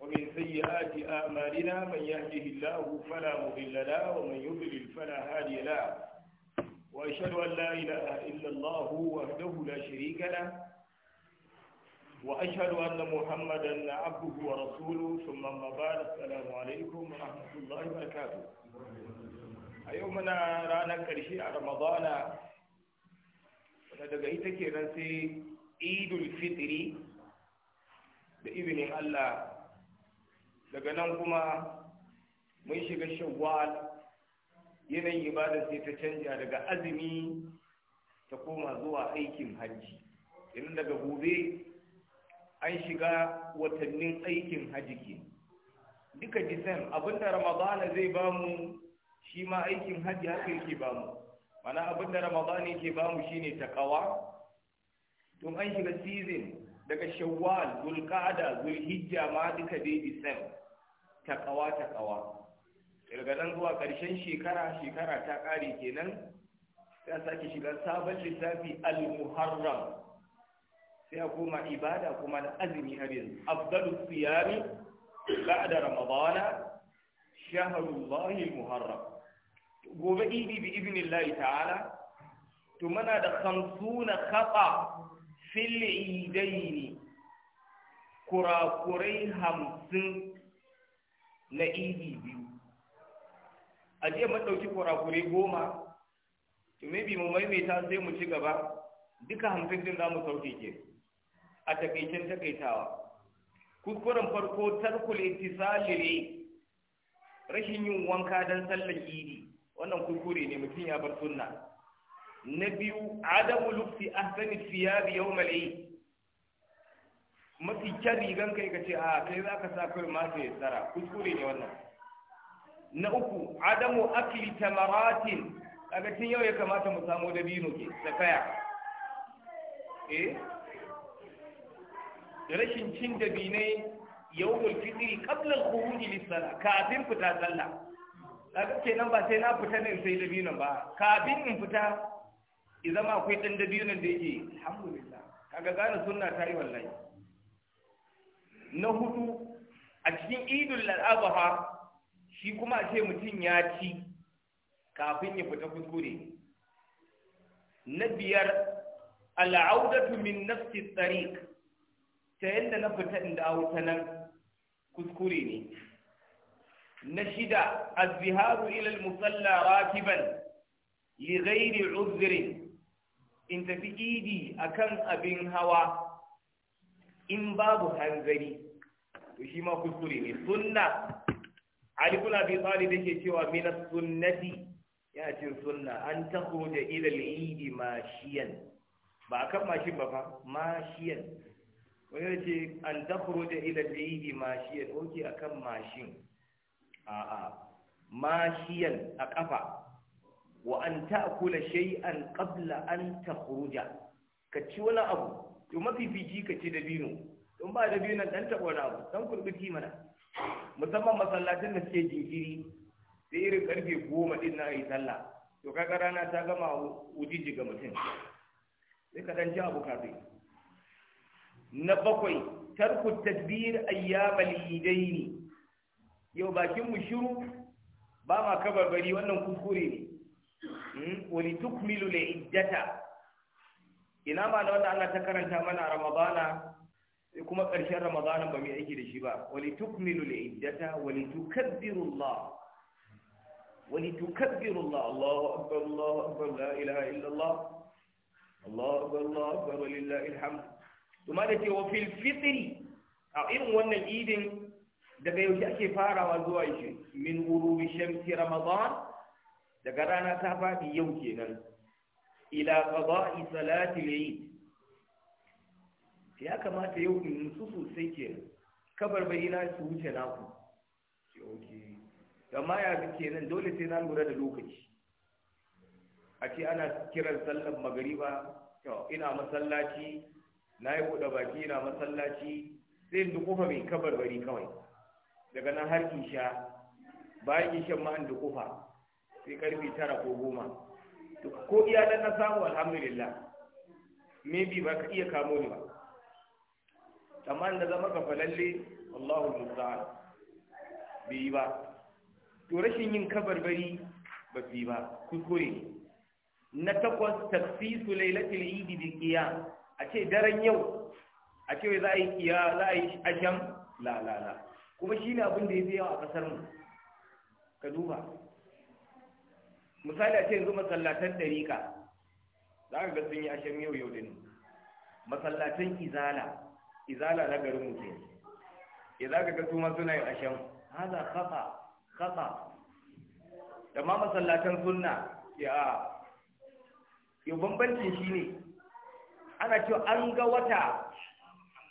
ومن سيئات أعمالنا من يهده الله فلا مضل له ومن يضلل فلا هادي له وأشهد أن لا إله إلا الله وحده لا شريك له وأشهد أن محمدا عبده ورسوله ثم ما بعد السلام عليكم ورحمة الله وبركاته أيومنا رانا muna ranar رمضان daga ita nan sai idul fitri da izinin Allah daga nan kuma mun shiga shawwal yanayin ibada sai ta canja daga azumi ta koma zuwa aikin hajji yanzu daga gobe an shiga watannin aikin hajji ke duka disem abinda ramadana zai bamu shi ma aikin hajji haka yake bamu mana abin da ramadani ke bamu shine taƙawa tun an shiga season daga shawwal zulqa'ada zulhijja ma duka dai disem takawa takawa daga zuwa ƙarshen shekara shekara ta ƙare kenan sai a sake shiga sabon lissafi al-muharram sai a koma ibada kuma na azumi har yanzu afdalu siyami ba'da ramadana shahrullahi muharram gobe idi bi ta'ala to muna da khamsuna khata fil idaini kurakurai hamsin na idi biyu a jiya mun ɗauki kurakurai goma to maybe mu maimaita sai mu ci gaba duka hamsin din za mu sauke ke a takaicen takaitawa kuskuren farko tarkul ittisali ne rashin yin wanka don sallar idi wannan kuskure ne mutum ya bar sunna na biyu adamu lufti ahsani thiyabi yawm al mafi kyan rigan kai ka ce a kai za ka sa kai masu ya tsara kuskure ne wannan na uku adamu akli tamaratin kaga tun yau ya kamata mu samu dabino ke kaya, eh rashin cin dabinai yawmul fitri qabla al-khuruj lis-salah kafin fita sallah kaga nan ba sai na fita ne sai dabinon ba kafin in fita i zama akwai dan nan da yake alhamdulillah kaga gane sunna ta yi wallahi na hudu a cikin idul adha shi kuma ce mutum ya ci kafin ya fita kuskure na biyar al'audatu min nafsi tariq ta yadda na fita in dawo ta nan kuskure ne Na shida نشد الذهاب إلى المصلى راكبا لغير عذر in tafi idi akan abin hawa in babu hanzari to shi ma kuskure ne sunna ali kuna bi talib yake cewa min sunnati ya ce sunna an takhruja ila al-eid mashiyan ba akan mashin ba fa mashiyan wani ce an takhruja ila al-eid mashiyan oke akan mashin a'a mashiyan a kafa wa an ta'kula shay'an qabla an takhruja ka ci wani abu to mafifici ka ci dabino don ba dabino dan taɓa wani abu dan kurbuti mana musamman masallacin da suke jinkiri sai irin karfe goma din na yi sallah to kaga rana ta gama wujiji ga mutum sai ka dan ji abu kafin na bakwai tarku tadbir ayyamal idaini yau bakin mu shiru ba ma kabarbari wannan kuskure ne hmm? wani tukmilu le iddata ina ma da wanda Allah ta karanta mana ramadana kuma ƙarshen Ramadana ba mai aiki da shi ba wani tukmilu le iddata wani tukabbirullah wani tukabbirullah Allahu akbar Allahu akbar la ilaha illallah Allahu akbar Allahu akbar walillahi alhamd kuma da ce wa fil fitri a irin wannan idin daga yaushe ake farawa zuwa shi min ghurubi shamsi ramadan daga rana ta faɗi yau kenan ila qada'i salati al-eid ya kamata yau in musu sosai kenan kabar bayyana su wuce naku Yau oke amma ya ga kenan dole sai na lura da lokaci a ce ana kiran sallar magariba ina masallaci na yi baki ina masallaci sai in kofa mai kabar bari kawai daga nan har isha bayan ishan ma'an da kufa sai karfi tara ko goma ko iyalan na samu alhamdulillah maybe ba ka iya kamo ni ba amma da zama ka falalle Allahu musta'an bai yi ba to rashin yin kabarbari ba su ba kuskure na takwas taksisu lailatul idi bi qiyam a ce daren yau a ce za a yi qiyam za a yi asham la la la kuma shi ne abin da ya yawa a ƙasar mu ka duba misali a ce yanzu masallatan ɗariƙa za ka ga sun yi ashen yau yau din masallatan izala izala na garin mutum ya eh, za ka ga su ma suna yin ashen haza kafa kafa da ma masallatan sunna ya yau bambancin shi ne ana cewa an ga wata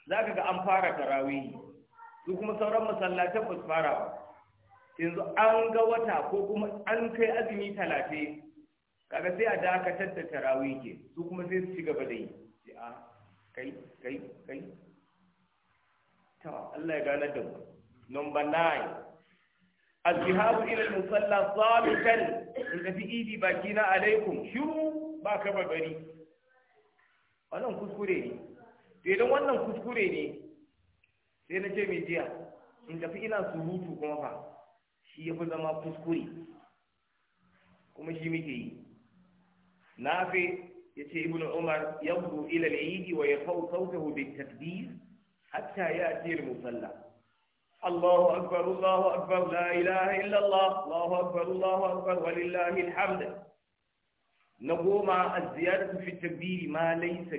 za ka ga an fara tarawihi su kuma sauran masallatan ba su fara ba yanzu an ga wata ko kuma an kai azumi talafe kaga sai a dakatar da tarawih ke su kuma sai su ci gaba da yi sai a ah, kai kai kai to Allah ya gane da mu number 9 azhabu ila al-musalla sabitan in tafi idi bakina alaikum shiru ba ka bari wannan kuskure ne to idan wannan kuskure ne sai na ce mai jiya in tafi ina surutu kuma fa shi ya fi zama kuskure kuma shi muke yi na fi ya ce ibn umar ya budu ila al'idi wa ya fau sautahu bi takbir hatta ya ce musalla Allahu akbar Allahu akbar la ilaha illa Allahu akbar Allahu akbar walillahi alhamd na goma az-ziyadatu fi takbir ma laysa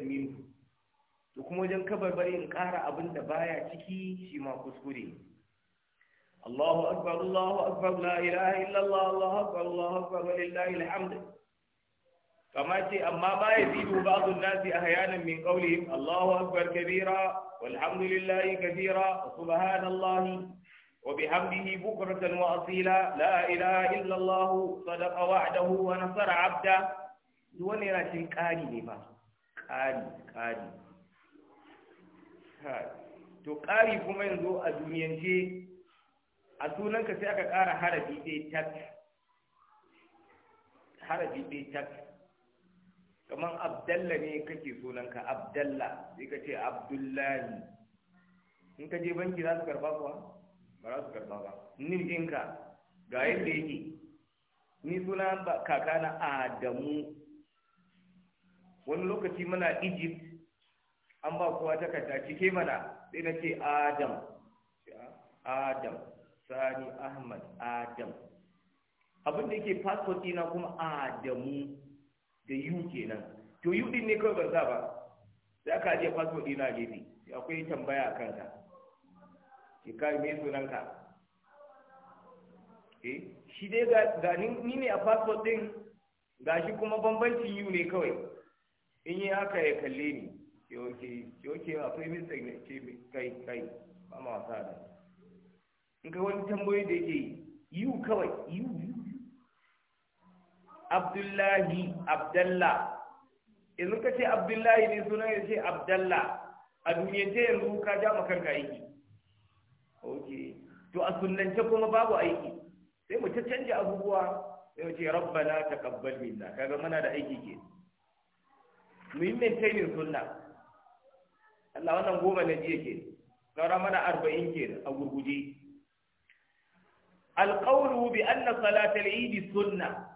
to kuma wajen kabarbari in ƙara abin da baya ciki shi ma kuskure Allahu akbar Allahu akbar la ilaha illallah Allahu akbar Allahu akbar walillahi alhamd kama ce amma ba ya zidu ba'd an-nas ahyanan min qawlihim Allahu akbar kabira walhamdulillahi kabira wa subhanallahi wa bihamdihi bukratan wa asila la ilaha illallah sadaqa wa'dahu wa nasara 'abda wani yana cin ƙari ne ba ƙari ƙari kai to ƙari kuma yanzu a duniyance a sunanka sai aka ƙara harafi ɗaya tak harafi ɗaya tak kamar abdalla ne kake sunanka abdalla sai ka ce abdullahi in ka je banki za su karba kuwa ba za su karba ba ni ɗinka ga yadda yake ni suna kakana adamu wani lokaci muna egypt an ba kowa takarda cike mana sai na ce adam adam sani ahmad adam abin da yake passport ina kuma adamu da yu kenan to yu din ne kawai ban za ba sai aka je passport dina gefe akwai tambaya a kanka ke kai me ka eh shi dai ga, ga ni ne a passport din gashi kuma bambancin yu ne kawai in yi haka ya kalle ni yoke yoke akwai mistake ce kai kai ba ma wasa da in kai wani tambayoyi da yake yiwu kawai yiwu abdullahi abdalla yanzu ka ce abdullahi ne sunan ya ce abdallah a duniyance yanzu ka ja kanka aiki ok to a sunance kuma babu aiki sai mu ta canja abubuwa sai mu ce rabbana taqabbal minna kaga muna da aiki ke muhimmin tainin sunna Allah wannan goma na jiya ke saura mana arba'in ke a gurguje alƙawlu bi anna salatal idi sunna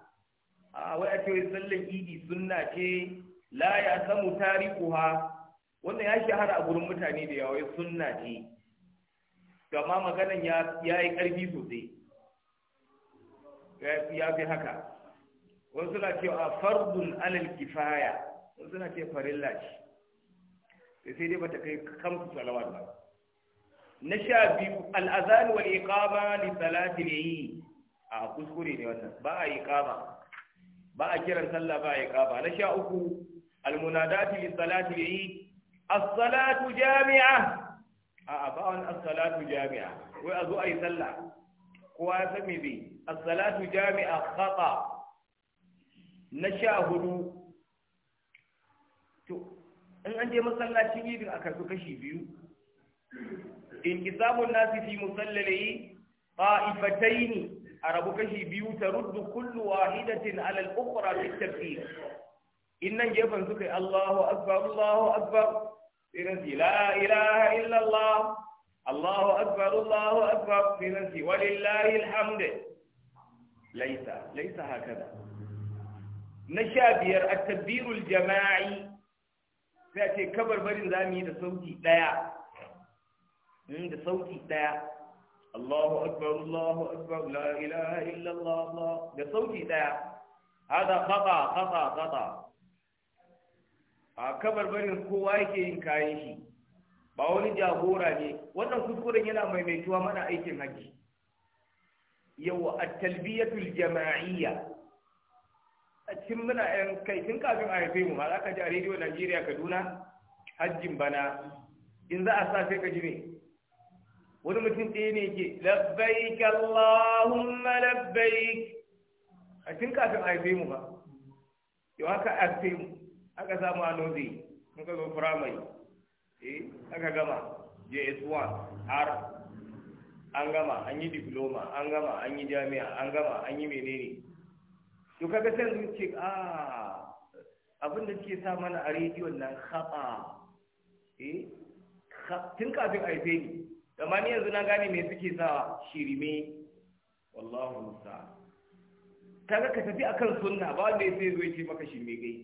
a wai a ce sallan idi sunna ce la ya samu tarikuha wannan ya shahara a gurin mutane da yawa sunna ce gama maganan ya yi ƙarfi sosai ya fi haka wasu na cewa fardun alal kifaya wasu na ce farilla ce sai dai bata kai kamsu salawat ba na sha biyu al'azan wal iqama li salati yi a kuskure ne wannan ba a iqama ba a kiran sallah ba a iqama na sha uku al munadati li salati yi as-salatu jami'a a ba wani as-salatu jami'a wai a zo a yi sallah kowa ya san me zai as-salatu jami'a khata na sha hudu to in an je masallacin idin a karɓi kashi biyu in kisabun nasi fi musallalayi qa'ifataini a rabu kashi biyu ta ruddu kullu wahidatin alal ukhra fi tafsir in nan gefen suka yi Allahu akbar Allahu akbar irin si la ilaha illa Allah Allahu akbar Allahu akbar irin si walillahi alhamd laisa laisa hakada na sha biyar at-tadbirul jama'i sai a ce kabarbarin za mu yi da sauti ɗaya hmm, da sauti ɗaya Allahu akbar Allahu akbar la ilaha illallah Allah da sauti ɗaya hada khata khata khata a kabarbarin kowa yake yin kayan shi ba wani jagora ne wannan kuskuren yana maimaituwa mana aikin haji yawa at-talbiyatul jama'iyya a cikin muna yan kai tun kafin a haife mu ma za ka ji a rediyo Najeriya Kaduna hajjin bana in za a sa sai ka ji ne wani mutum ɗaya ne ke labbaik Allahumma labbai. a tun kafin a haife mu ba yau haka a haife mu aka samu a nozi ka zo firamare eh aka gama JS1 R. an gama an yi diploma an gama an yi jami'a an gama an yi menene to kaga sai yanzu ce a ah, abin da suke sa mana a rediyon nan haɓa eh tun kafin a haife ni amma ni yanzu na gane me suke sa shirme wallahu musa kaga ka tafi akan sunna ba wanda ya sai zo ce maka shirme gai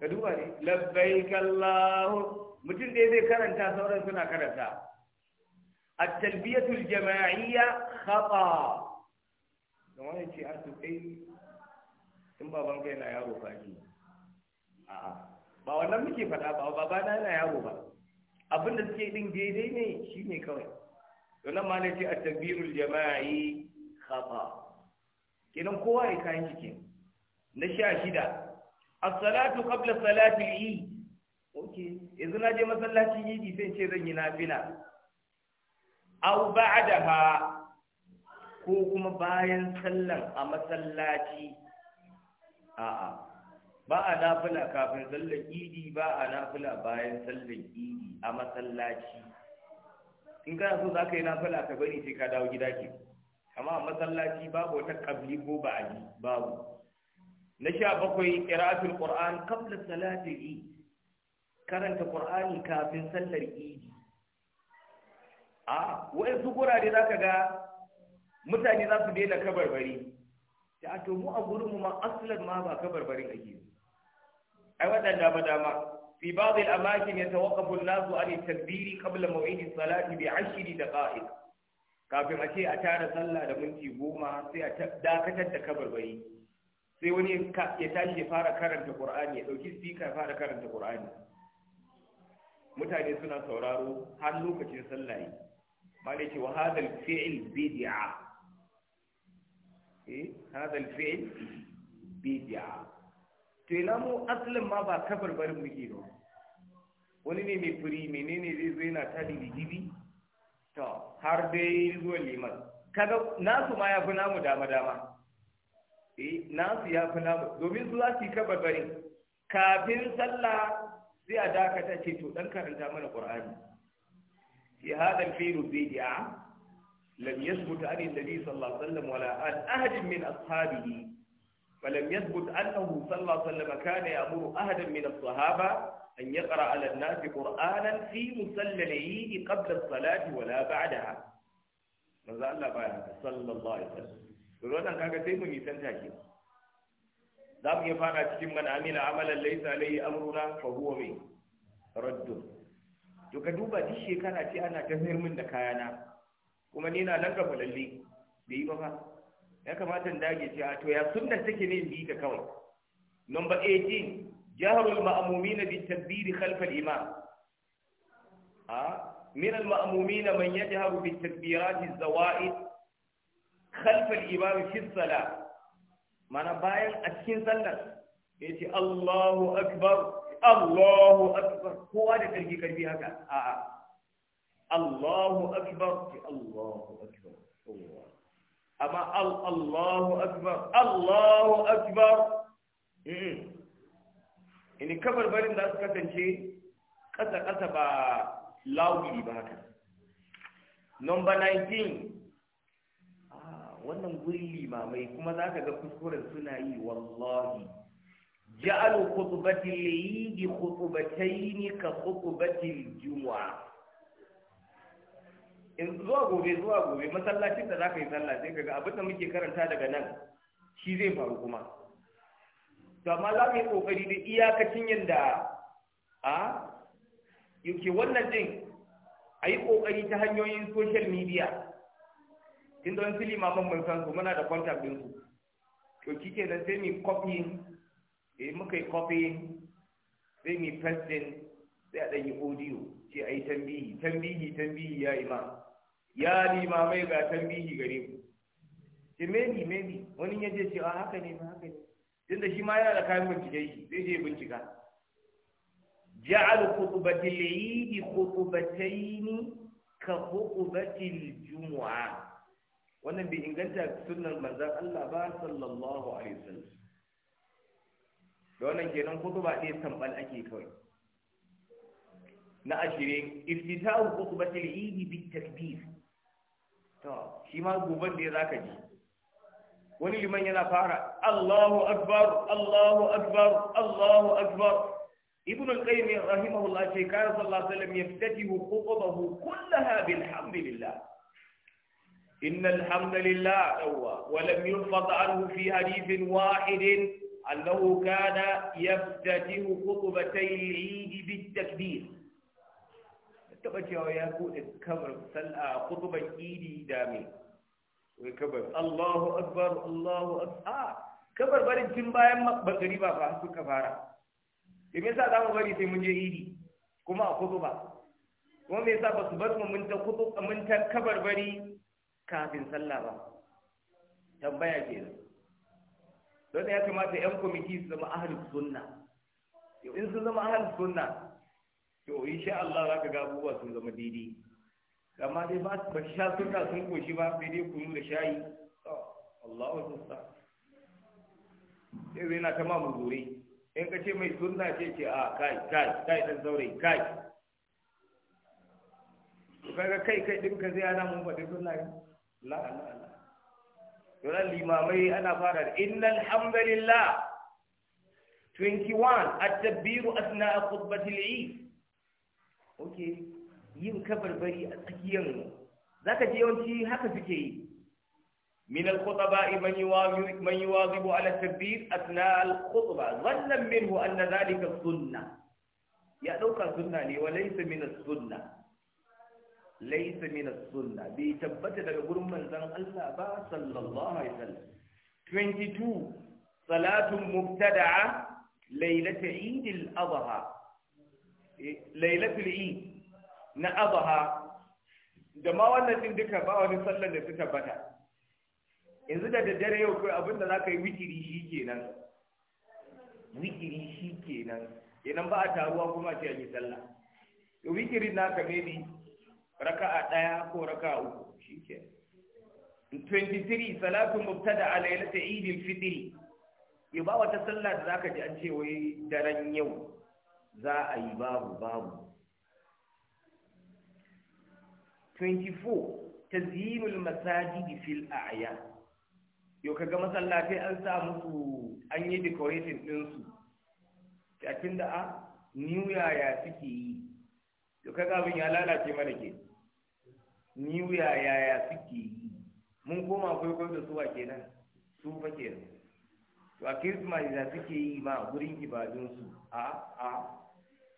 ka duba ne Labbai allahu mutum da zai karanta sauran suna karanta at-talbiyatul jama'iyya khata kamar yace a to in baban ka yana yaro fa ake a'a ba wannan muke faɗa ba baba na yana yaro ba Abinda suke din daidai ne shine kawai to nan ma ce a tabirul jama'i khata kenan kowa ya kayan shi na sha shida as-salatu qabla salati al-eid oke yanzu na je yi idi sai ce zan yi nafila aw ba'daha ko kuma bayan sallan a masallaci a'a ba a nafila kafin sallar idi ba a nafila bayan sallar idi a masallaci in kana so za ka yi nafila ka bari sai ka dawo gida ke amma a masallaci babu wata kabli ko ba ali babu na sha bakwai ƙira'atul qur'an qabla salatil idi karanta qur'ani kafin sallar idi a wai su gurare zaka ga mutane za su daina bari. Da a to mu a gurin mu ma asalin ma ba barbarin ake ai waɗanda ba dama fi ba'd al-amakin yatawaqqafu an-nasu an nasu an takbiri qabla maw'id as-salati bi 10 daqa'iq kafin a ce a tara sallah da minti goma sai a dakatar da kabarbari sai wani ya tashi ya fara karanta qur'ani ya dauki speaker fara karanta qur'ani mutane suna sauraro har lokacin sallah yi malai ce wa hadal fi'l bid'a هذا eh, mu asalin تلامو أصلا ما با كفر برم مكيرو wani ne mai firi menene zai zo yana ta dibi to har dai zuwa liman kaga nasu ma ya fi namu dama dama eh nasu ya fi namu domin su za su yi kabar bari kafin sallah sai a dakata ce to dan karanta mana ƙur'ani. fi hadal fi'lu bid'a لم يثبت عن النبي صلى الله عليه وسلم ولا عن أحد من أصحابه فلم يثبت أنه صلى الله عليه وسلم كان يأمر أحدا من الصحابة أن يقرأ على الناس قرآنا في مسلليه قبل الصلاة ولا بعدها ماذا الله بقى صلى الله عليه وسلم يقولون أن كاكا سيكون يسنتها كده za mu iya fara cikin man amila amalan laisa alayhi amruna fa huwa min raddun to ka duba duk shekara ce ana ta sayar min da kayana kuma ni na nan ga lalle bai yi ba fa ya kamata in dage cewa to ya sunna take ne in bi ta kawai number 18 jahrul ma'mumin bi takbir khalf al imam a min al ma'mumin man yajharu bi takbirat al zawaid khalf al imam fi salat mana bayan a cikin sallar yace Allahu akbar Allahu akbar kowa da karfi karfi haka a'a Allahu akbar ki Allahu akbar Allah amma Allahu akbar Allahu akbar hmm. ini kabar barin da suka kasance kasa kasa ba lauri ba haka number 19 ah, wannan guri limamai kuma za ka ga kuskuren suna yi wallahi ja'alu khutbatil eid khutbatayn ka khutbatil jumu'ah in zuwa gobe zuwa gobe masallacin da za ka yi sallah sai kaga abin da muke karanta daga nan shi zai faru kuma to amma za mu yi kokari da iyakacin yanda a yake wannan din a yi kokari ta hanyoyin social media inda wani fili limaman mun san su muna da contact din su to kike da sai mu copy eh muka yi copy sai mu din sai a dan yi audio ce ai tambihi tambihi tambihi ya ima ya limamai ga tambihi gare ku ce maybe maybe wani yaje ce a ah, haka ne ma haka ne tunda shi ma yana da kayan bincike shi zai je bincika ja'al khutbatil eid khutbatayn ka khutbatil jumu'a wannan bai inganta sunnar manzon Allah ba sallallahu alaihi wasallam da wannan kenan khutba ɗaya tambal ake kawai na ashirin iftitahu khutbatil eid bit takbir to shi ma goban da zaka ji wani liman yana fara Allahu akbar Allahu akbar Allahu akbar ibn al-qayyim rahimahullah ce kana sallallahu alaihi wasallam yaftatihu khutbahu kullaha bilhamdillah إن الحمد لله ولم يلفظ عنه في حديث واحد أنه كان يفتتح خطبتي العيد بالتكبير taba cewa ya buɗe kabar sallah kutuban idi da me wai kabar Allahu akbar Allahu akbar kabar barin tun bayan bakari ba fa suka fara me yasa za mu bari sai mun je idi kuma a kutuba kuma me yasa ba su bar mu mun ta kutuba mun ta kabar bari kafin sallah ba tambaya kenan don ya kamata yan kwamiti su zama ahlus sunna in sun zama ahlus sunna to sha Allah za ka ga abubuwa sun zama daidai amma dai ba ba sha suna sun koshi ba sai dai kunu da shayi Allahu musta sai zai na mu gore in ka ce mai sunna ce ce ah, a kai kai kai dan zaure kai to kaga kai kai din ka zai ana mun faɗi sunna la la la to limamai ana fara da innal hamdalillah 21 at-tabiru asna'a khutbatil eid ok yin kabarbari a tsakiyar za ka je yawanci haka suke yi من الخطباء من يواظب من يواظب على التكبير اثناء الخطبه ظنا منه ان ذلك السنه يا دوكا سنه ne وليس من السنه ليس من السنه bai tabbata daga gurin manzon Allah ba sallallahu alaihi wasallam 22 salatun mubtada'a Lailata eid al-adha lailatul eid na Abaha, da ma wannan din duka ba wani sallar da suka bata yanzu da daddare yau kai abin da ka yi wikiri shi kenan wikiri shi kenan idan ba a taruwa kuma ce yi sallah to wikiri naka maybe raka'a daya ko raka'a uku shi ke 23 salatu mubtada a lailatul eid al-fitr ba wata sallah da za ka ji an ce wai daren yau za a yi babu babu 24 tazyinul masajidi fil a'ya yau kaga masallatai an sa musu an yi decorating din su yakin da a new yaya suke yi yau kaga abin ya lalace mana ke new yaya suke yi mun koma kwaikwayo da suwa kenan su fa kenan to a christmas da suke yi ma gurin ibadunsu a a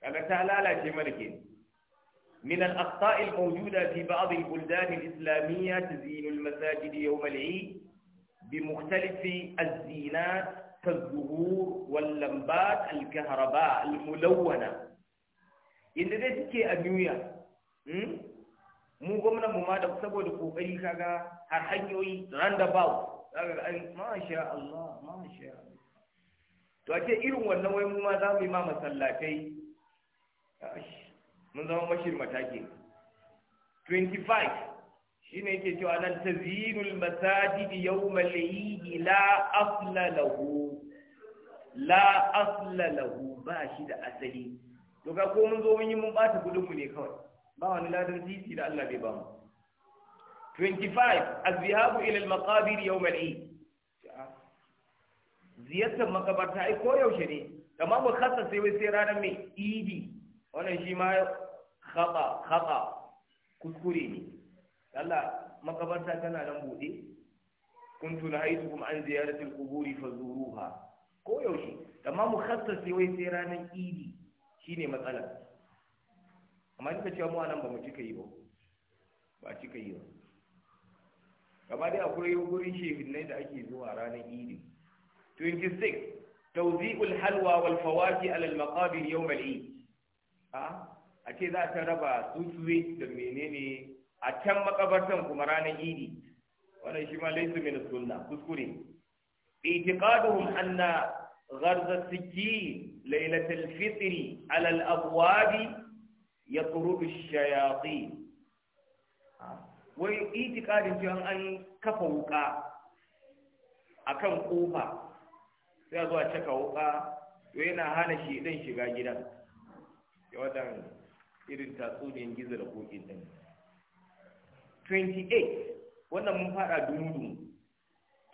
كما لا تملك من الأخطاء الموجودة في بعض البلدان الإسلامية تزيين المساجد يوم العيد بمختلف الزينات كالزهور واللمبات الكهرباء الملونة إن ذلك أدوية mu gwamna mu ma da saboda kokari kaga har hanyoyi roundabout kaga ai masha Allah masha Allah to ake irin wannan wai mu ma mun zama mashir mataki 25 shine yake cewa nan tazinul masajid yawma al-eid la asla lahu la asla lahu ba shi da asali to ga ko mun zo mun yi mun bata gudun mu ne kawai ba wani ladan titi da Allah bai ba mu 25 azhabu ila al-maqabir yawm al-eid ziyartar makabarta ai ko yaushe ne amma mu khassa sai wai sai ranar mai idi wannan shi ma khata khata kuskure ne Allah makabarta tana nan bude haitu kuma an ziyarati al fa zuruha. ko yaushe amma mukhassas wai sai ranar idi shine matsala amma duka cewa mu anan ba mu cika yi ba ba cika yi ba gaba dai akwai shehin shehinai da ake zuwa ranar idi 26 توزيع الحلوى والفواكه على المقابر يوم العيد a ce za ta raba susuwe da menene a can makabartan kuma ranar idi wannan shi ma laisu min sunna kuskure itiqaduhum anna gharza sikki lailatul fitri ala al abwabi ash shayatin wai itikadin cewa an kafa wuka akan kofa sai zuwa caka wuka to yana hana shi dan shiga gidan ya wadan irin tatsuniyar gizo da kokin din 28 wannan mun fada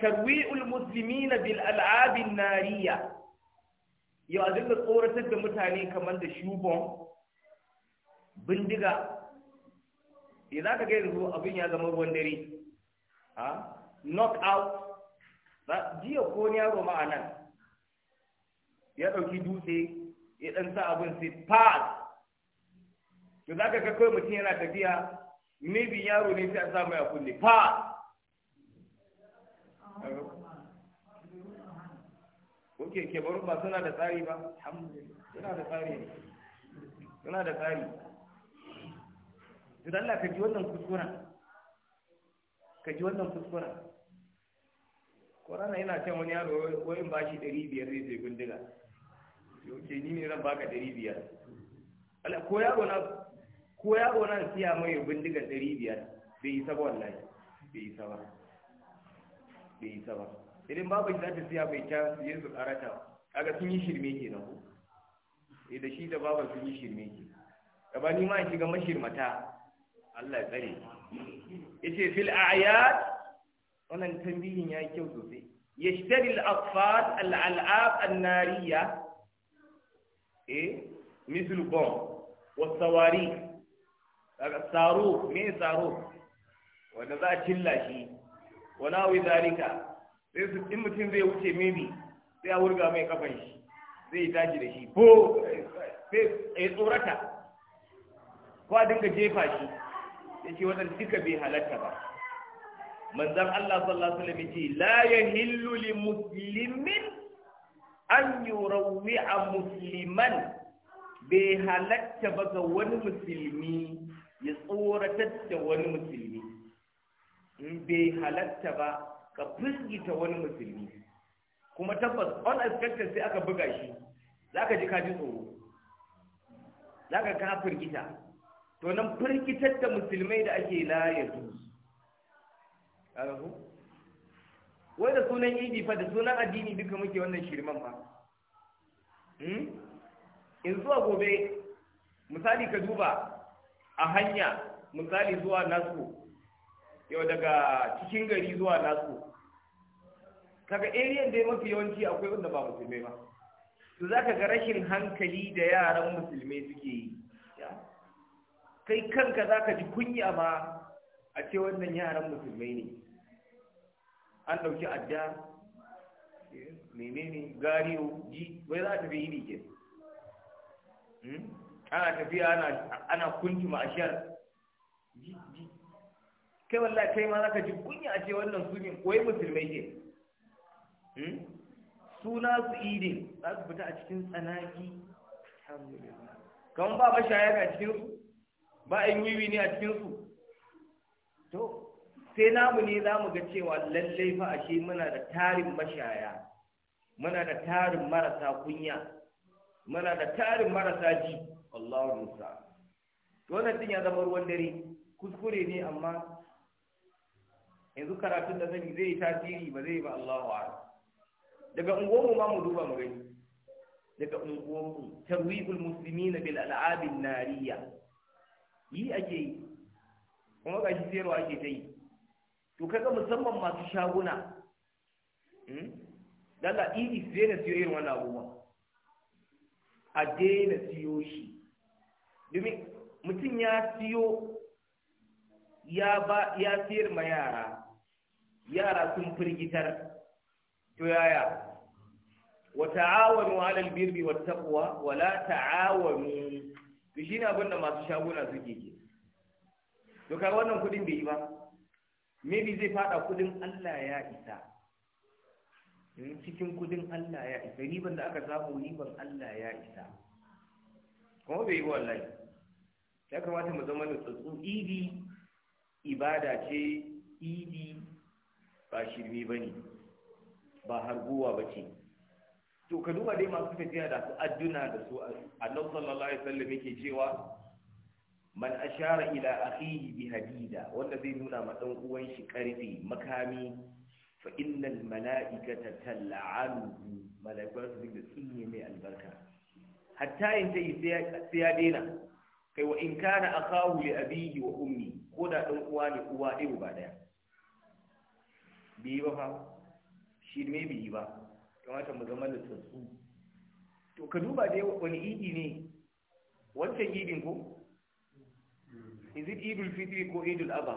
Tarwi ulmusulmi na bil al'abin nariya yau a dinga tsoratar da mutane kamar da shubon bindiga ya za ka ga zuwa abin ya zama ruwan dare ha knock out jiya ko ni yaro ma'anan ya ɗauki dutse ya dan sa abin sai pass to zaka ga kawai mutum yana tafiya maybe yaro ne sai a sa mai a kulle, pass Oke, ke baro ba suna da tsari ba, alhamdulillah, suna da tsari ne, suna da tsari. Idan Allah ka ji wannan kuskuren, ka ji wannan kuskuren. Korana yana can wani yaro wani bashi ɗari biyar zai sai bindiga. yauke ni ne zan baka ɗari biyar ko yaro na ko yaro na siya mai bindigan ɗari biyar bai yi saba wallahi bai yi saba bai yi saba idan babu za ta siya bai ta siye su karata kaga sun yi shirme ke nan ko eh da shi da baban sun yi shirme ke gaba ni ma in shiga mashirmata Allah ya tsare yace fil a'yad wannan tambihin yayi kyau sosai yashtari al-atfal al-al'ab an-nariyah eh mislu bom wasawari tsaro me tsaro wanda za a cilla shi wani awi zalika sai su in mutum zai wuce mimi sai a wurga mai kafan shi zai daji da shi ko sai tsorata ko a dinga jefa shi ya ce waɗanda duka bai halatta ba manzan Allah sallallahu alaihi wasallam ya ce la yahillu li muslimin an yi a musulman bai halatta ba ga wani musulmi ya tsoratar da wani musulmi bai halatta ba ka fuskita wani musulmi kuma tabbas on expected sai aka buga shi za ka ji kaji tsoro za ka ka firgita to nan firgitar da musulmai da ake layar ya wai da sunan idi fa da sunan addini duka muke wannan shirman ba hmm? in zuwa gobe misali ka duba a hanya misali zuwa nasu yau daga cikin gari zuwa nasu kaga ariyan dai mafi yawanci akwai wanda ba musulmai ba to za ka ga rashin hankali da yaran musulmai suke yi kai kanka za ka ji kunya ma a ce wannan yaran musulmai ne an ɗauki adda menene gari ji bai za a tafi yi ke hmm? ana tafiya ana kunci a shar ji ji kai wallah kai ma zaka ji kunya a ce wannan su ne koyi musulmai ke suna hmm? su idin za su fita a cikin tsanaki kan ba shayar a cikinsu ba in wiwi ne a cikinsu to sai namu ne za mu ga cewa lallai fa ashe muna da tarin mashaya muna da tarin marasa kunya muna da tarin marasa ji Allahu musa to wannan din ya zama ruwan dare kuskure ne amma yanzu karatun da zan zai tasiri ba zai ba Allahu a'lam daga unguwarmu ma mu duba mu gani daga unguwarmu tarwibul muslimina bil al'abin nariya yi ake yi kuma shi sayarwa ake ta yi to kaga musamman masu shaguna lalla hmm? idi sai na siyo irin wannan abubuwan a daina siyo shi domin mutum ya siyo ya ba ya siyar ma yara yara sun firgitar to yaya wa ta'awanu ala albirri wat taqwa wa la ta'awanu to shine abin da masu shaguna suke ke to kai wannan kudin bai yi ba maybe zai fada kudin Allah ya isa hmm, cikin kudin Allah ya isa riban da aka samu riban Allah ya isa kuma bai yi wallahi ya kamata mu zama nutsatsu idi ibada ce idi ba shirme ba ne ba harguwa ba ce to ka duba dai masu tafiya da su adduna da su nan sallallahu alaihi wasallam yake cewa man ashara ila akhihi bi hadida wanda zai nuna ma dan uwan shi karfi makami fa innal malaikata tal'anu malaikatu zai da tsinye mai albarka hatta ta yi sai ya dena kai wa in kana akahu li abihi wa ummi ko da dan uwa ne uwa ɗaya ba daya biyi ba fa shi me biyi ba kamata mu zama da tsatsu to ka duba dai wani idi ne wancan idin ko is it idul fitri ko idul adha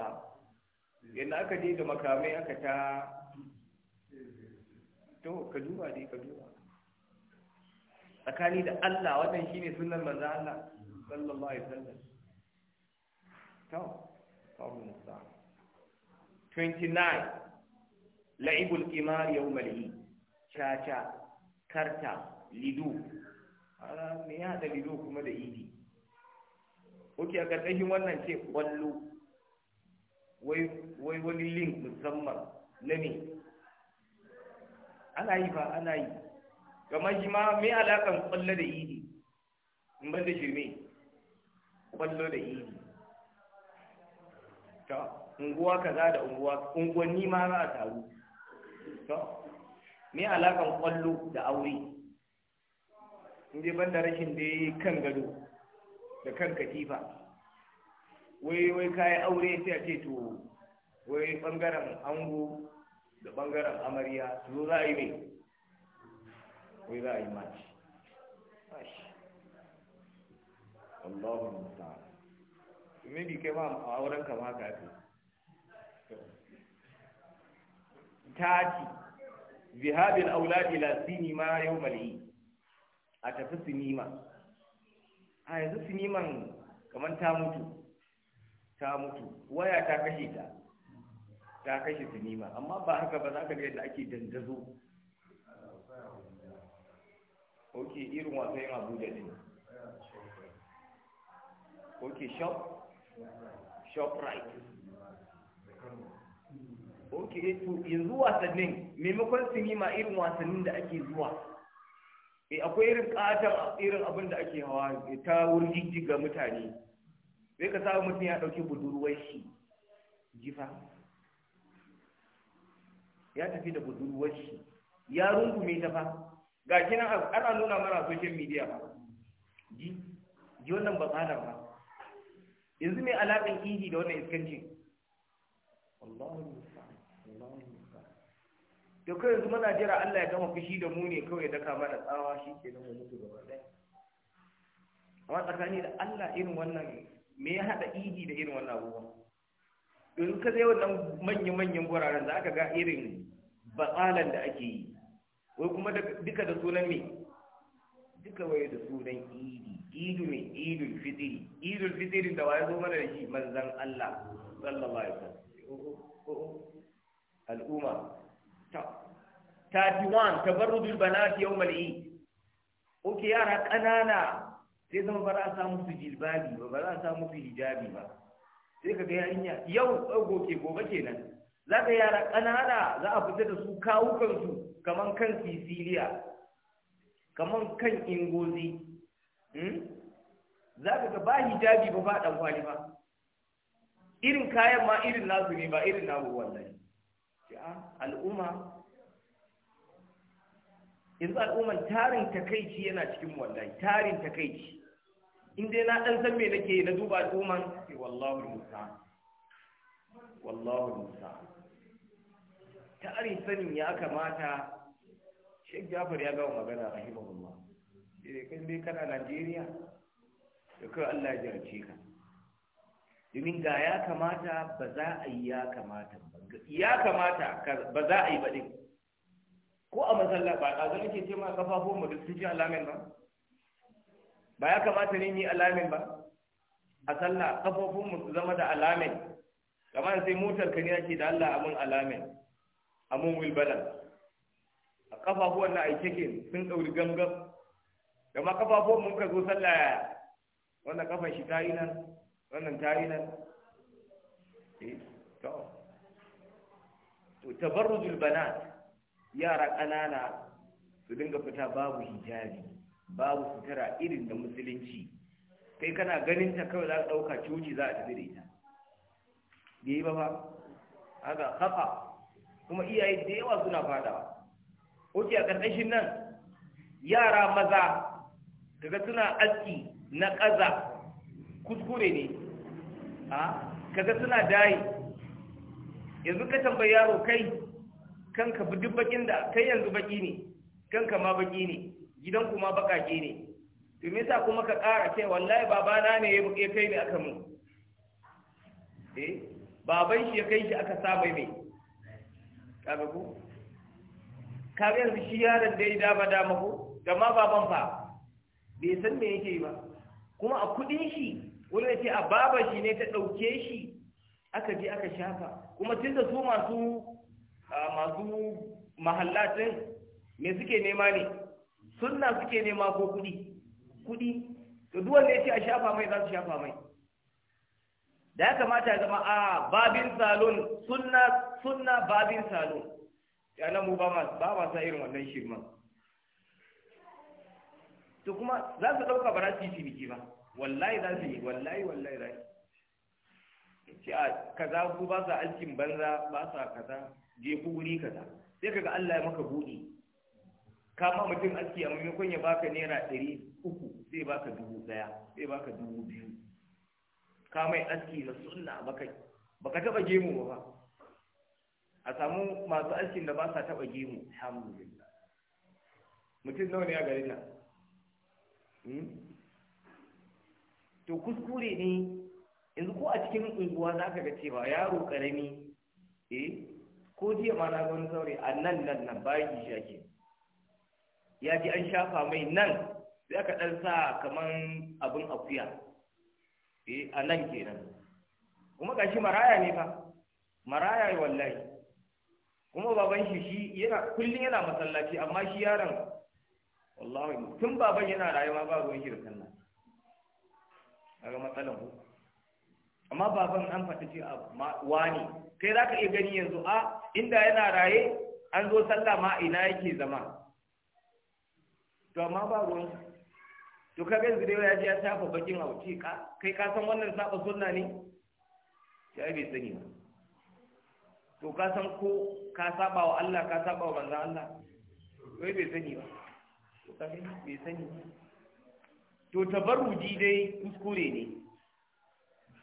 yadda aka je da makamai aka ta to ka duba dai ka duba tsakani da Allah wannan shine sunnar manzo Allah sallallahu alaihi wasallam to Allahu musta'an 29 la'ibul qimar yawm al-eid cha cha karta lidu ah me ya da lidu kuma da idi Ok, a ƙarƙashin wannan ce ƙwallo wai wani link musamman na ne ana yi ba ana yi kamar shi ma mai alaƙan ƙwallo da idi in ban da shirme ƙwallo da idi ta unguwa kaza da unguwa unguwanni ma za a taru ta mai alaƙan ƙwallo da aure in ban da rashin da kan gado da kan katifa wai wai kayi aure sai a ce to wai bangaren ango da bangaren amarya to za a yi ne wai za a yi maci Allahu musta'an bi kai ma a auren ka ma ka ce tati zihabil aulad ila sinima yawmal a tafi sinima a yanzu siniman kamar ta mutu ta mutu waya ta kashe ta ta kashe sinima amma ba haka ba za ka ga yadda ake dandazo ok irin wasan yin abuja ne ok shop shop right ok yanzu wasannin maimakon sinima irin wasannin da ake zuwa e akwai irin katon irin abin da ake hawa eh, ta wurin ga mutane sai ka samu mutum ya ɗauki budurwar shi jifa ya tafi da budurwar shi ya rungume ta fa ga kina ana nuna mana social media ba ji ji wannan ba tsada ba yanzu mai alaƙar ihi da wannan iskancin Allahu Akbar Allahu to kai yanzu muna jira Allah ya gama fushi da mu ne kawai daka mana tsawa shi ke nan mu mutu gaba ɗaya amma tsakani da Allah irin wannan me ya haɗa idi da irin wannan abubuwa yanzu ka zai wannan manya-manyan guraren za ka ga irin batsalan da ake yi wai kuma duka da sunan me duka wai da sunan idi idu ne idul fitiri idul fitirin da waye zo mana da shi manzan Allah sallallahu alaihi wasallam al'umma 31 tabarrudul banat yawmal eid oke yara ƙanana sai zama ba za a samu su jilbabi ba ba za a samu su hijabi ba sai ka ga yarinya yau ɗago ke gobe kenan za ka yara ƙanana za a fita da su kawukan su kamar kan sisiliya kamar kan ingozi hmm? za ka ga ba hijabi ba ba ɗan kwali ba irin kayan ma irin nasu ne ba irin namu wallahi al'umma yanzu al'ummar tarin takaici yana cikin wallahi tarin takaici in dai na dan san me nake na duba al'ummar. sai wallahu musa wallahu musa tarin sanin ya kamata Sheikh Jafar ya gawo magana rahimahullah sai kai dai kana Najeriya da kai Allah ya jarce ka domin ga ya kamata ba za a yi ya kamata ya kamata ba za a yi ba ɗin. ko a Masalla ba ɗazu nake ce ma kafafun mu duk sun ji alamin ba ba ya kamata ne yi alamin ba a sallah kafafun mu su zama da alamin kamar sai motar ka ne ake da Allah amun alamin amun wilbalan a kafafuwan na aike ke sun ɗauri gangan Gama ma mun ka zo sallah ya wannan kafan shi ta yi nan wannan ta yi nan eh to tabarrujul banat yara ƙanana su dinga fita babu hijabi babu sutura irin da musulunci kai kana ganin ta kawai za ka ɗauka coci za a tafi da ita da ba ba haka hafa. kuma iyaye da yawa suna fadawa oke a ƙarƙashin nan yara maza daga suna aski na ƙaza kuskure ne a ah, kaga suna dayi yanzu ka tambayi yaro kai kanka duk bakin da kai yanzu baki ne kanka ma baki ne gidan kuma bakake ne to me yasa kuma ka ƙara kai wallahi babana ne ya kai ni aka mu. eh baban shi ya kai shi aka saba mai kaga ku kaga yanzu shi yaron da ya dama dama ku. gama baban fa bai san me yake ba kuma a kudin shi wani ya ce a baba shi ne ta ɗauke shi aka je aka shafa kuma tunda su masu masu mahallatin me suke nema ne sunna suke nema ko kudi kudi to duk wanda yace a shafa mai za su shafa mai da ya kamata ya zama a babin salon sunna sunna babin salon yana mu ba ba sa irin wannan shirman to kuma za su dauka ba za su yi ba wallahi za su yi wallahi wallahi za su ce a kaza ku ba sa alkin banza ba sa kaza je ku wuri kaza sai kaga Allah ya maka buɗi ma mutum aski a maimakon ya baka naira ɗari uku sai baka dubu ɗaya sai baka dubu biyu ka mai aski na sunna baka baka taba gemu ba a samu masu askin da ba sa taba gemu alhamdulillah mutum nawa ne a garin nan hmm? to kuskure ne yanzu ko a cikin unguwa za ka ga cewa yaro karami eh ko jiya ma na wani saurayi a nan nan nan bayan shi ake ya ji an shafa mai nan sai aka ɗan sa kamar abin akuya eh a nan kenan kuma shi maraya ne fa maraya wallahi kuma baban shi shi yana kullum yana masallaci amma shi yaron wallahi tun baban yana rayuwa ba ruwan shi da sallah kaga matsalan ku amma baban an faɗi ce wani kai za ka iya gani yanzu a inda yana raye an zo sallah ma ina yake zama to amma ba ruwan to ka ga yanzu dai ya ji ya shafa bakin a wuce ka kai ka san wannan saba sunna ne ya bai sani ba to ka san ko ka saba wa Allah ka saba wa manzon Allah wai bai sani ba to ka bai sani to tabarruji dai kuskure ne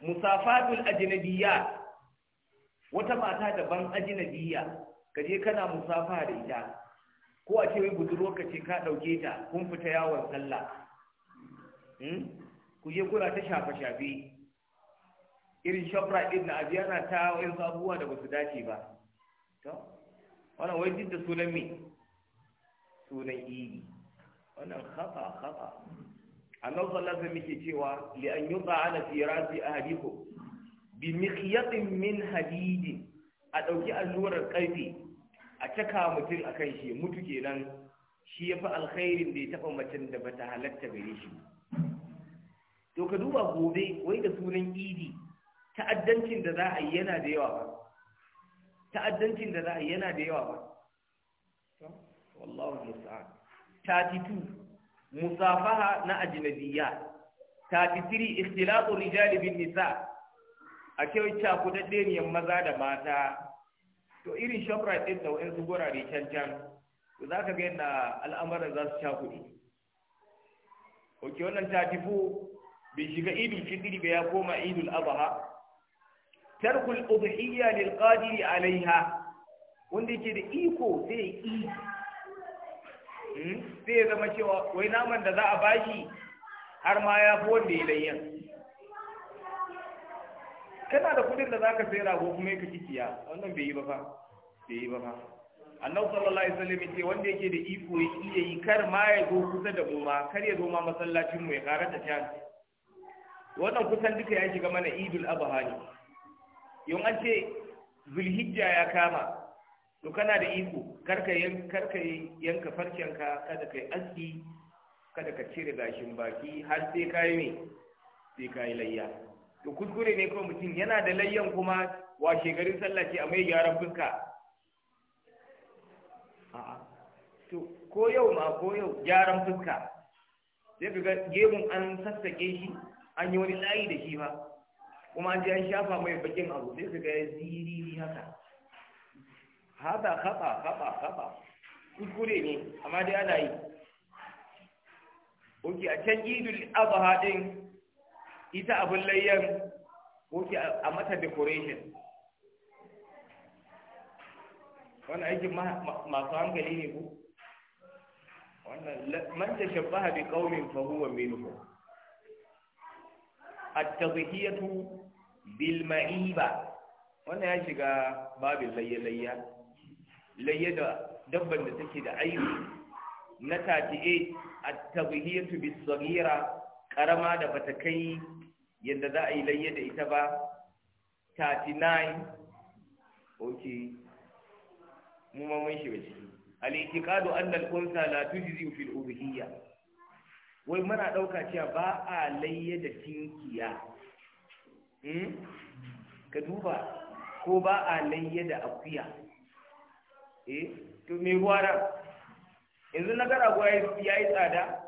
musafatul ajnabiyya wata mata daban ajnabiyya kaje kana musafa da ita ko a ce wai budurwa kace ce ka dauke ta kun fita yawon sallah hmm ku je kula ta shafa shafe irin shafra din na abiya ta wayan sabuwa da basu dace ba to wannan wai duk da sunan me sunan idi wannan khata khata annabi sallallahu alaihi wasallam cewa li an yuqa ala fi rasi ahadikum bi miqyatin min hadid a dauki allurar karfe a caka mutum akan shi mutu kenan shi yafi alkhairin da ya taba macen da bata halatta gare shi to ka duba gobe wai da sunan idi ta'addancin da za a yi yana da yawa ba ta'addancin da za a yi yana da yawa ba wallahu musta'an 32 musafaha na ajnabiyya 33 ikhtilatu rijali bin nisa akwai cakudaddeniyar maza da mata to irin shoprite ɗin da wa'yansu gurare can can to za ka ga yadda al'amuran za su cakuɗe ok wannan tatifu bai shiga idul fitri ba ya koma idul abaha tarkul udhiyya lil qadiri alaiha wanda ke da iko sai yi Hmm? sai ya zama cewa wai naman da za a bashi har ma ya fi wanda ya layyan kana da kudin da zaka sai rago kuma kaci kikiya wannan bai yi ba fa bai yi ba fa annabi sallallahu alaihi wasallam yace wanda yake da iko ya iya yi kar ma ya zo kusa da mu kar ya zo ma masallacin mu ya da can wannan kusan duka ya shiga mana idul adha ne yau an ce zulhijja ya kama to kana da iko karka karka yanka ka, kada kai aski kada ka cire gashin baki har sai ka yi ne sai ka yi layya to kuskure ne kawai mutum yana da layyan kuma wa shekarun sallah ce a mai gyaran fuska a'a to ko yau ma ko yau gyaran fuska sai ka ga gemun an sassake shi an yi wani layi da shi ba kuma an je an shafa mai bakin abu sai ka ga ziriri haka haɗa haɗa haɗa haɗa kuskure ne amma dai ana yi oke a can idul abu haɗin ita abin layyan oke a mata decoration wannan aikin masu hankali ne ku wannan man tashabbaha bi ƙaunin fa huwa A at-tadhhiyatu bil ma'iba wannan ya shiga babin layya layya layya da dabban da take da aibu na 38 at-tabhiyatu bi saghira karama da bata kai yadda za a yi layya da ita ba 39 ok mu ma mun shi ba ciki al-i'tiqadu anna al-unsa la tujzi fi al-ubhiyya wai muna dauka cewa ba a layya da tinkiya hmm? ka duba ko ba a layya da akuya eh to me gwara yanzu na gara gwa ya yi tsada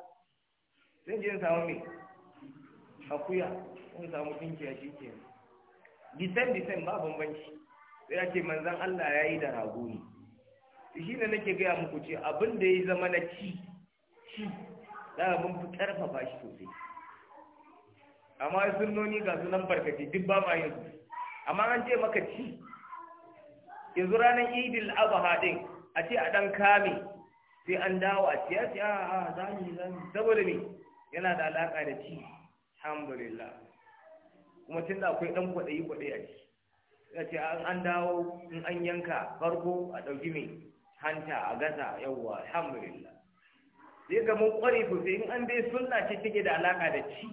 zan je samu me akuya in samu dinkiya shi ke disan disan ba bambanci sai ake manzan Allah ya yi da rago ne shi ne nake gaya muku ce abin da ya zama na ci ci za a fi karfafa shi sosai amma sunnoni ga sunan barkaci duk ba ma yin amma an ce maka ci yanzu ranar idil abaha din a ce a ɗan kame sai an dawo a ciya ce a za mu yi za mu saboda ne yana da alaƙa da ci alhamdulillah kuma tun da akwai ɗan kwaɗayi kwaɗayi a ciki ya ce an dawo in an yanka farko a ɗauki mai hanta a gasa yawwa alhamdulillah sai ga mun ƙware sosai in an dai sunna ce take da alaƙa da ci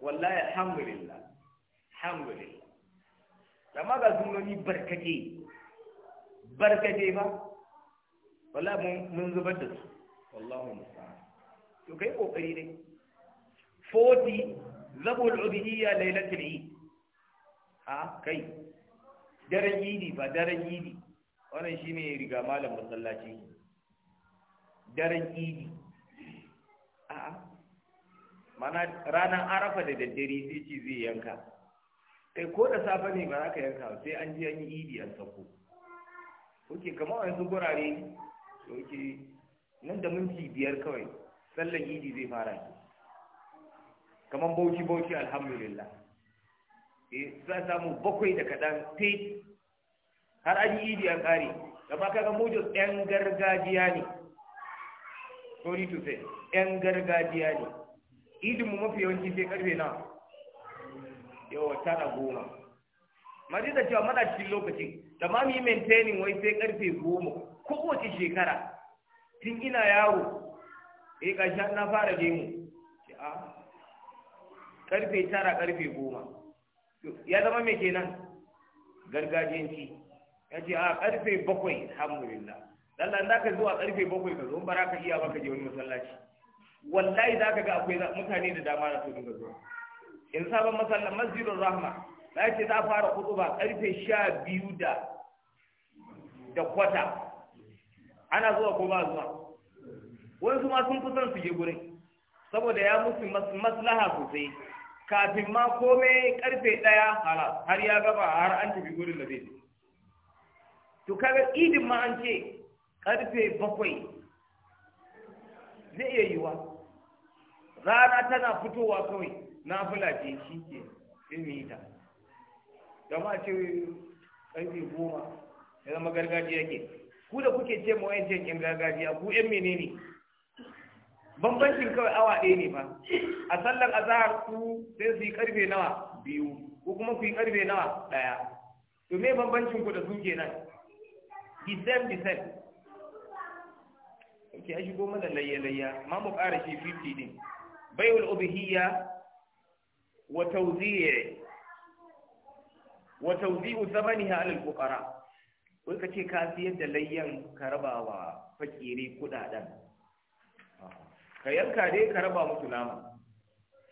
wallahi alhamdulillah alhamdulillah amma ga sunoni barkake barkake ba wala mun zubar da su wallahu musta'an to kai kokari ne 40 zabul ubudiyya lailatul eid ha kai daren idi ba daren idi wannan shine riga malam masallaci daren idi a'a mana ranar arafa da daddare sai ce zai yanka kai ko da safe ne ba za ka yanka sai an ji an yi idi an sako kuke kamar yanzu gurare da kuke nan da minti biyar kawai sallan idi zai fara ki kamar bauchi bauchi alhamdulillah E za samu bakwai da kaɗan fit har an yi idi an ƙare gaba kaga mojo ɗan gargajiya ne sorry to say ɗan gargajiya ne idinmu mafi yawanci sai karfe na yawa tara goma mari da cewa muna cikin lokaci da ma mu yi maintaining wai sai karfe goma wace shekara tun ina yawo. eh ƙarshen na fara gemu a ah, karfe tara karfe goma ya zama mai kenan gargajiyanci ya ce a ah, karfe bakwai alhamdulillah lallan za ka zuwa karfe bakwai ka zo ba za ka iya ba ka je wani masallaci wallahi za ka ga akwai mutane da dama na su dinga zuwa in sabon masallan masjidun rahma za ce za a fara ba karfe sha biyu da da kwata ana zuwa ko ba zuwa wasu ma sun kusan su je gurin saboda ya musu maslaha sosai kafin ma komai karfe daya halas har ya gaba har an tafi gurin da zai to kaga idin ma an ce karfe bakwai zai iya yiwa rana tana fitowa kawai Nafula ce shi ke sai mita. ta jama'a ce ƙarfe goma ya zama gargajiya ke ku da kuke ce ma wayan yan gargajiya ku yan menene bambancin kawai awa ɗaya ne fa a sallar azahar ku sai su yi karfe nawa biyu ko kuma ku yi karfe nawa ɗaya to me bambancin ku da su nan. the same the same ke a shigo mana layya-layya ma mu ƙara shi 50 din bayul ubihiyya وتوزيع وتوزيع ثمنها على الفقراء wai ka ce ka siyar da layyan ka raba wa kudaden ka yanka dai ka raba musu nama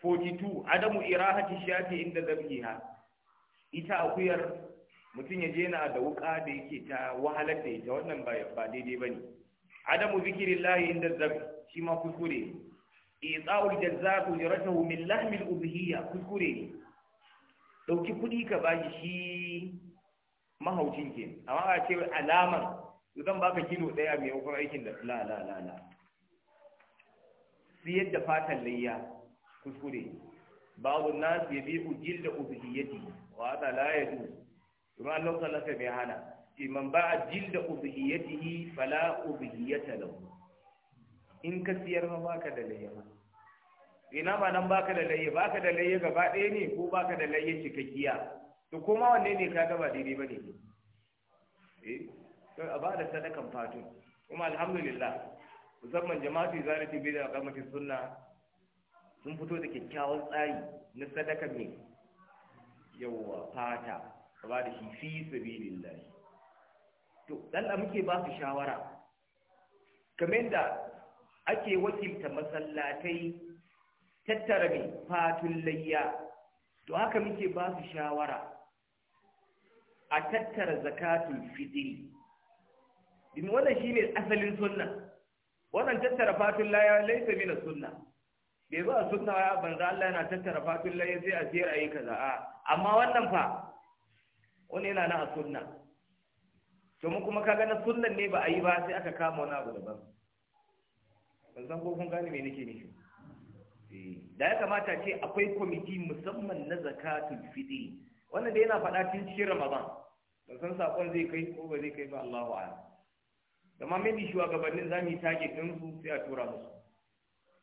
42 adamu irahati shafi inda zabiha ita akuyar mutum ya je na da wuka da yake ta wahalar da ita wannan ba daidai ba ne adamu layi, inda zabi shi ma kuskure iqa'ul jazza ujratahu min lahmil ubhiyya kuskure ne dauki kudi ka bashi shi mahaucin ke amma a ce alamar zan baka kilo daya mai hukun aikin da la la la la siyar da fatan layya kuskure babu nasu ya bi jilda da wa hada la yajuz kuma Allah sallallahu alaihi wa sallam ya hana imam ba'a jilda ubhiyatihi fala ubhiyata lahu in ka siyar ma baka da layya ma ina ma nan baka da layya baka da layya gaba ɗaya ne ko baka da layya cikakkiya to ma wanne ne ka gaba daidai ba ne eh a ba da sadakan fatu kuma alhamdulillah musamman jama'atu zarati bi da kamati sunna sun fito da kyakkyawan tsari na sadaka Yau a fata ba da shi fi sabilillah to dan da muke ba su shawara kamar da ake wakilta masallatai tattara mai fatun layya to haka muke ba su shawara a tattara zakatun fitri din wannan shi ne asalin sunna wannan tattara fatun layya laysa mina sunna bai zuwa sunna ya banza Allah yana tattara fatun layya sai a a yi kaza a amma wannan fa wani yana na a sunna to mu kuma kaga na sunnan ne ba a yi ba sai aka kama wani abu daban ban ko kun gane me nake nufi eh, da ya kamata ce akwai kwamiti musamman na zakatul fitri wannan da yana faɗa tun cikin ramadan ban san sakon zai kai ko ba zai kai ba Allahu a'lam amma maybe za zamu yi target din su sai a tura musu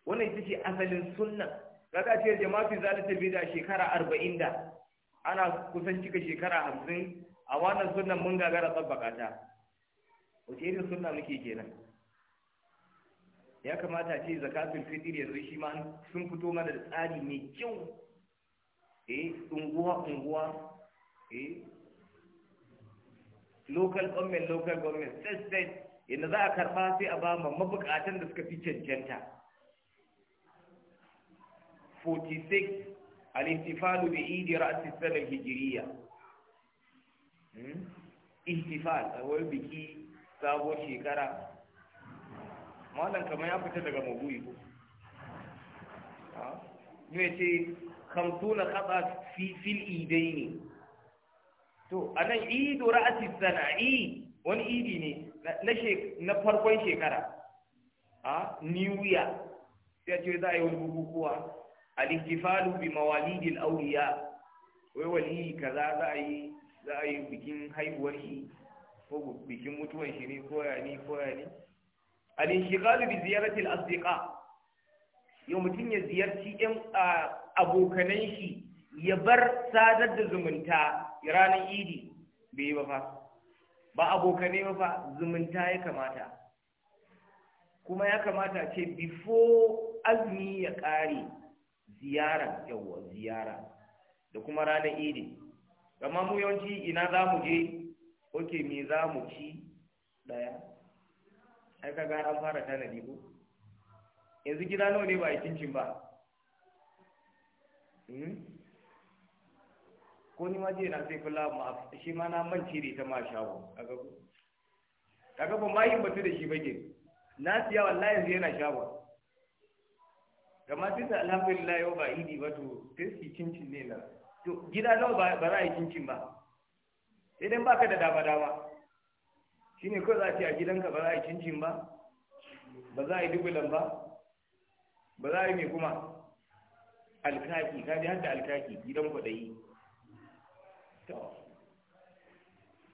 wannan ita ce asalin sunna kaga ce jama'atu bi da shekara arba'in da ana kusan cika shekara hamsin a wannan sunnan mun gagara tsabbaka ta wace irin sunna muke kenan ya kamata ce zakatul fitr yanzu shi ma sun fito mana da tsari mai kyau eh unguwa unguwa eh local government local government state state za a karba sai a ba ma mabukatan da suka fi cancanta 46 al-ihtifalu bi as-sana al-hijriya hijiriya hmm? ihtifal a biki sabuwar shekara malam kamar ya fita daga mabui ko ne ce kamtuna kaɓa fil idai ne to a nan idu ra'asi sana'i wani idi ne na farkon shekara a new year sai ce za a yi wani bukukuwa al-ihtifalu bi mawalidil awliya wai wali kaza za a yi za a yi bikin haihuwar shi ko bikin mutuwan shi ne ko ya ne ko ya ne al galibi bi ziyarati al-asdiqa yau mutum ya ziyarci yan abokanan shi ya bar sadar da zumunta ranar idi bai ba fa ba abokane ba fa zumunta ya kamata kuma ya kamata ce before azumi ya ƙare ziyara yawa ziyara da kuma ranar idi amma mu yawanci ina za mu je oke me za mu ci daya ai kaga an fara tanadi ko yanzu gida nawa ne ba a cincin ba hmm? ko ni ma je na sai kula ma shi ma na manci da ita ma shago kaga ko kaga ba ma yin batu da shi ke. na siya wallahi yanzu yana shago Kamar sai ta alhamdulillah yau ba idi ba to sai su cincin ne na to gida nawa ba za a yi cincin ba sai ba baka da dama dama shi ne kawai za a ce a gidanka ba za a yi cincin ba ba za a yi dubulan ba ba za a yi mai kuma alkaki ka ji hadda alkaki gidan kwaɗayi to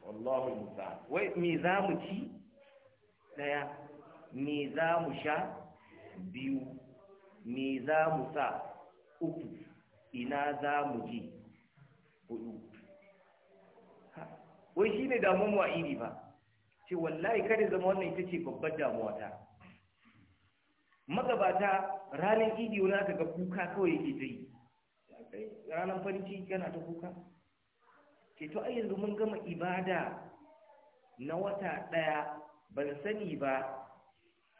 wallahu musa wai me za mu ci ɗaya me za mu sha biyu me za mu sa uku ina za mu ji hudu wai shi ne damuwa iri ba ce wallahi kada zama wannan ita ce babbar damuwa ta magabata ranar idi wani aka ga kuka kawai yake ta yi ranar farin ciki yana ta kuka Ke to ai yanzu mun gama ibada na wata ɗaya ban sani ba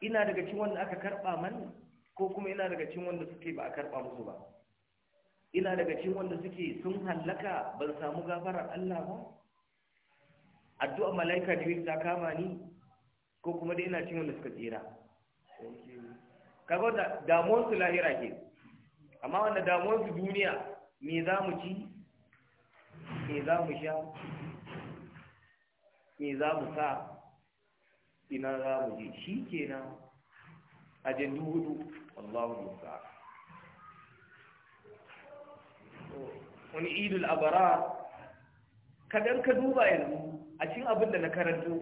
ina daga cin wanda aka karɓa man, ko kuma ina daga cin wanda suke ba a karɓa musu ba ina daga cin wanda suke sun hallaka ban samu gafarar Allah ba addu'a malaika jibril ta kama ni ko kuma dai ina cin wanda suka tsira kaga da damuwar su lahira ke amma wanda damuwar su duniya me za mu ci me za mu sha me za mu sa ina za mu je shi ke a jandu hudu Allahu musa wani idul abara kadan ka duba yanzu a cikin abin da na karanto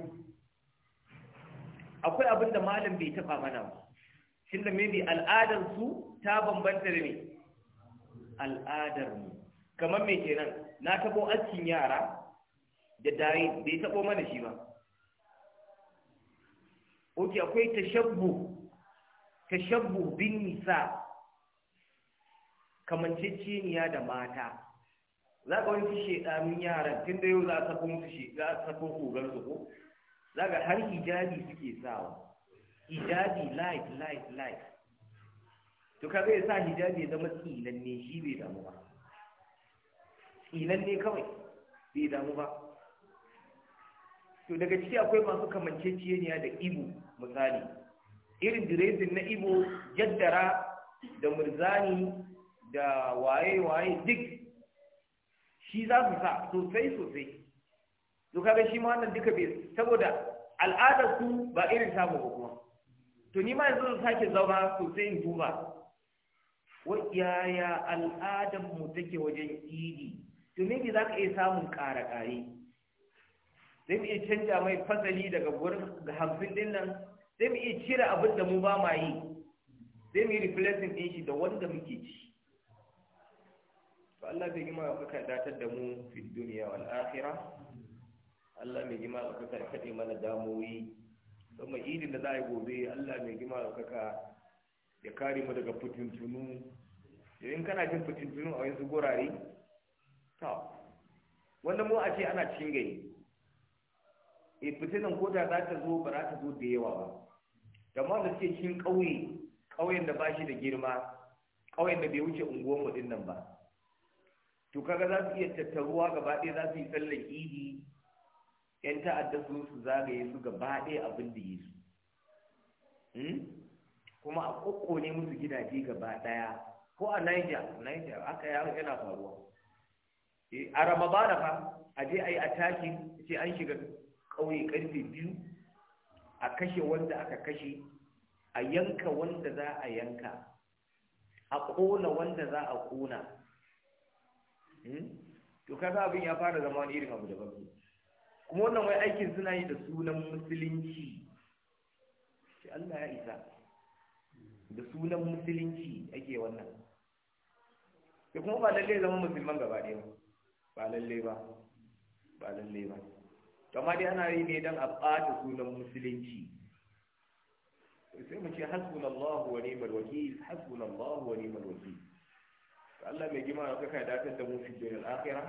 akwai abin da malam bai taba mana ba shin da maybe al'adar su ta bambanta da me al'adar mu kamar me kenan na tabo askin yara da dai bai tabo mana shi ba oke akwai tashabbu tashabbu bin nisa kamanceceniya da mata za ka wani shedanin yaran tun da yau za a sako musu shi za a sako kogar su ko za ka har hijabi suke sawa hijabi light light light to ka ya sa hijabi ya zama ne shi bai damu ba ne kawai bai damu ba to daga ciki akwai masu kamanceceniya da ibo misali irin direzin na ibo jaddara da murzani da waye-waye duk shi za su sa sosai sosai to kaga shi ma wannan duka bai saboda al'adar su ba irin ta ba kuma to ni ma yanzu zan sake zama sosai in duba wa yaya al'adar mu take wajen idi to me za ka iya samun ƙara-ƙare zai iya canja mai fasali daga gurin ga hamsin din nan zai iya cire abin da mu ba ma yi zai mu yi replacing ɗin shi da wanda muke ci Allah bai gima ka datar da mu fi duniya wal akhirah Allah bai gima ka kade mana damuwi don mai idin da za a yi gobe Allah bai gima ka ya kare mu daga fitintunu in kana jin fitintunu a yanzu gurare. to wanda mu a ce ana cikin gari e fitinan ko da za ta zo ba za ta zo da yawa ba da ma da suke cikin ƙauye ƙauyen da ba shi da girma ƙauyen da bai wuce unguwar mu nan ba to kaga za su iya tattaruwa gaba ɗaya za su yi sallar idi yan ta'adda su su zagaye su gaba ɗaya abin da yesu hmm? kuma a ne musu gidaje gaba ɗaya ko a niger niger aka yaro yana faruwa eh, a ramadana fa a je a yi attaki ce an shiga ƙauye ƙarfe biyu a kashe wanda aka kashe a yanka wanda za a yanka a ƙona wanda za a ƙona Hmm? to kaga abin ya fara zama wani irin abu daban kuma wannan wai aikin suna yi da sunan musulunci sai Allah ya isa da sunan musulunci ake wannan sai kuma ba lalle zama musulman gaba ɗaya ba lalle ba ba lalle ba To amma dai ana yi ne don a ɓata sunan musulunci sai mu ce hasbunallahu wa ni'mal wakil hasbunallahu wa ni'mal wakil Allah mai gima ka kai datar da mu fi jirin akhira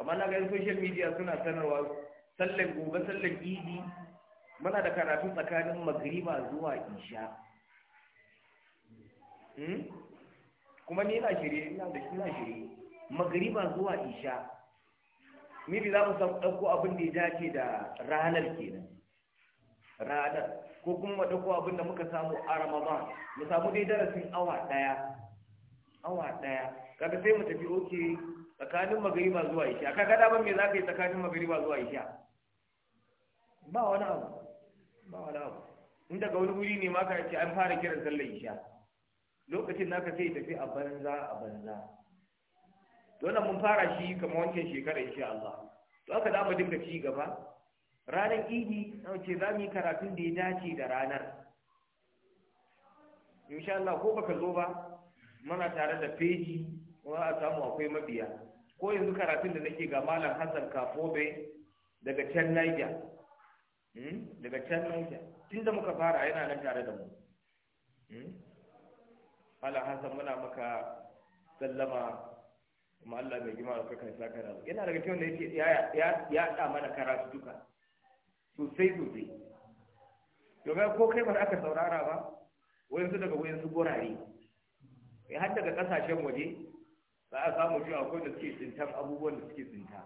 amma na ga social media suna sanarwa sallan gobe sallan idi muna da karatu tsakanin magriba zuwa isha hmm? kuma ni na shirye ina da shi na shirye magriba zuwa isha mibi za mu san ɗauko abin da ya dace da ranar kenan ranar ko kuma mu ɗauko abin da muka samu a ramadan mu samu dai darasin awa ɗaya awa daya kada sai mu tafi oke tsakanin magariba zuwa isha ka kada ban me za ka yi tsakanin magariba zuwa isha ba wani abu ba wani abu in daga wani wuri ne ma ka ce an fara kiran sallar isha lokacin naka sai tafi a banza a banza wannan mun fara shi kamar wancan shekara insha Allah to aka za mu dinga ci gaba ranar idi na ce za mu yi karatun da ya dace da ranar insha Allah ko baka zo ba muna tare da feji kuma a samu akwai mabiya ko yanzu karatun da nake ga malam hassan kafobe daga can naija hmm? daga can naija tun da muka fara yana nan tare da mu hmm? malam hassan muna maka sallama kuma Allah mai gima da kakan sa kana yana daga cikin da yake ya ya da mana karatu duka sosai sosai domin ko kai ba aka saurara ba wayansu daga wayansu gorare kai eh, har daga kasashen waje za a samu shi akwai da suke tsintar abubuwan da suke tsinta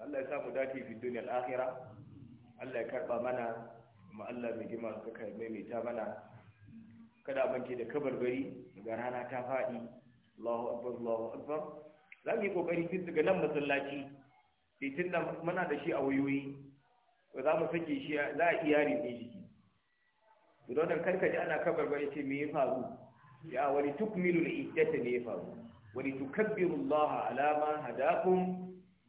Allah ya samu dace fi duniya al'akhira Allah ya karba mana kuma Allah mai gima ka kai maimaita mana kada banke da kabarbari ga rana ta faɗi Allahu akbar Allahu akbar za mu yi kokari tun daga nan masallaci sai tun nan muna da shi a wayoyi za mu sake shi za a iya ne jiki don karka karkaji ana kabarbari ce me ya faru ya wani tukmilu iddata ne ya faru wani tukabbiru Allah ala ma hadakum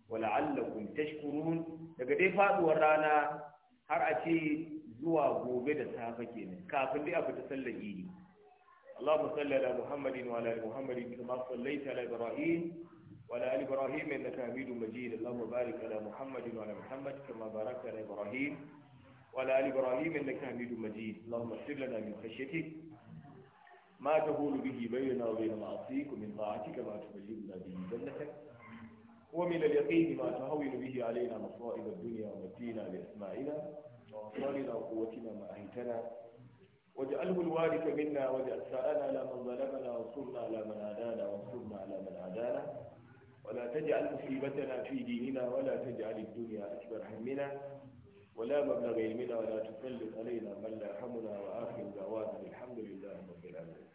wa la'allakum tashkurun daga dai faduwar rana har a ce zuwa gobe da safe kenan kafin dai a fita sallar idi اللهم صل على محمد وعلى ال محمد كما صليت على ابراهيم وعلى ال ابراهيم انك حميد مجيد اللهم بارك على محمد وعلى محمد كما باركت على ابراهيم وعلى ال ابراهيم انك حميد مجيد اللهم اغفر لنا من خشيتك ما تقول به بيننا وبين معصيك ومن طاعتك ما تبلغنا به جنتك ومن اليقين ما تهون به علينا مصائب الدنيا ومتينا لاسماعنا وأبصارنا وقوتنا ما أهيتنا واجعله الوارث منا واجعل ثأرنا على من ظلمنا وانصرنا على من عادانا وانصرنا على من عادانا ولا تجعل مصيبتنا في ديننا ولا تجعل الدنيا أكبر همنا ولا مبلغ علمنا ولا تسلط علينا من لا يرحمنا وآخر دعوانا الحمد لله رب العالمين